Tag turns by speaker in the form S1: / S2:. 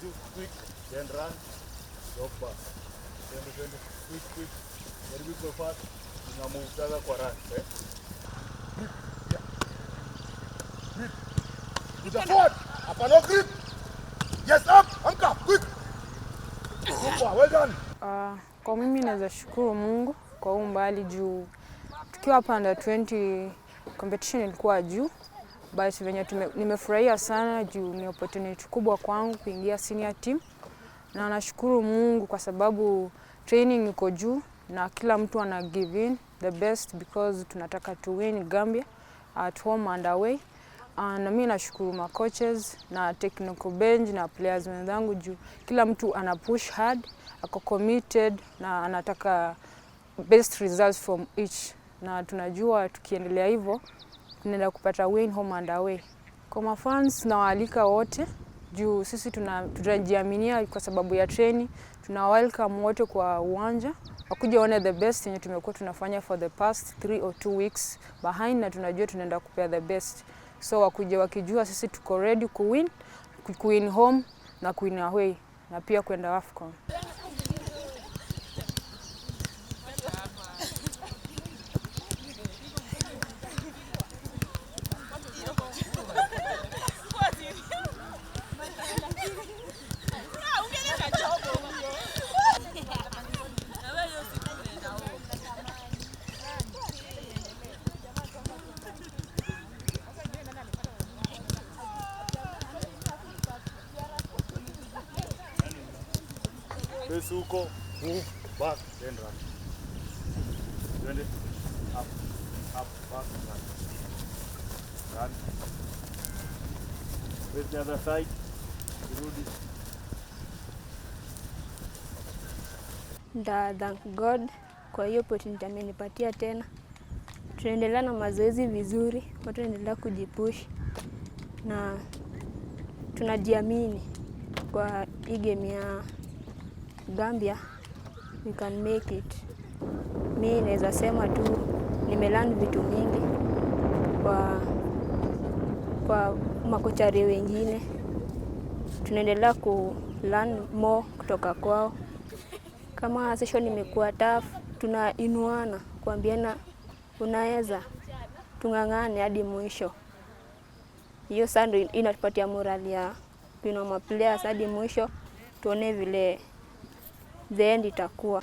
S1: quick, then run, quick, quick, go fast, kwa eh? Grip, yeah. Grip. forward, grip. Yes up, quick. well done. Uh, kwa mimi naweza shukuru Mungu kwa mbali juu tukiwa hapa under 20 competition ilikuwa juu basi venye nimefurahia sana juu ni opportunity kubwa kwangu kuingia senior team, na nashukuru Mungu kwa sababu training iko juu na kila mtu ana give in the best because tunataka to win Gambia at home and away. Uh, na mimi nashukuru ma coaches na technical bench na players wenzangu juu kila mtu ana push hard, ako committed na anataka best results from each, na tunajua tukiendelea hivyo tunaenda kupata win home and away. Kwa mafans tunawaalika wote juu sisi tunajiaminia kwa sababu ya treni, tuna welcome wote kwa uwanja wakuja one the best yenye tumekuwa tunafanya for the past three or two weeks behind, na tunajua tunaenda kupea the best, so wakuja wakijua sisi tuko ready kuwin, kuwin home na kuwin away na pia kwenda AFCON.
S2: face huko, back then run. Twende up up back run. Run. With the other side. Nda thank God kwa hiyo opportunity amenipatia tena. Tunaendelea na mazoezi vizuri, watu naendelea kujipush na tunajiamini kwa hii game ya Gambia, you can make it. Mi naweza sema tu nimelan vitu mingi kwa kwa makochari wengine, tunaendelea ku learn more kutoka kwao. Kama session imekuwa tough, tunainuana kuambiana unaweza, tung'ang'ane hadi mwisho. Hiyo sasa ndio inatupatia morali ya kuinua players hadi mwisho, tuone vile then itakuwa